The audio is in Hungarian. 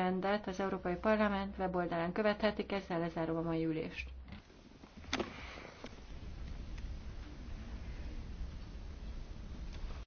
rendet az Európai Parlament weboldalán követhetik, ezzel lezárom a mai ülést.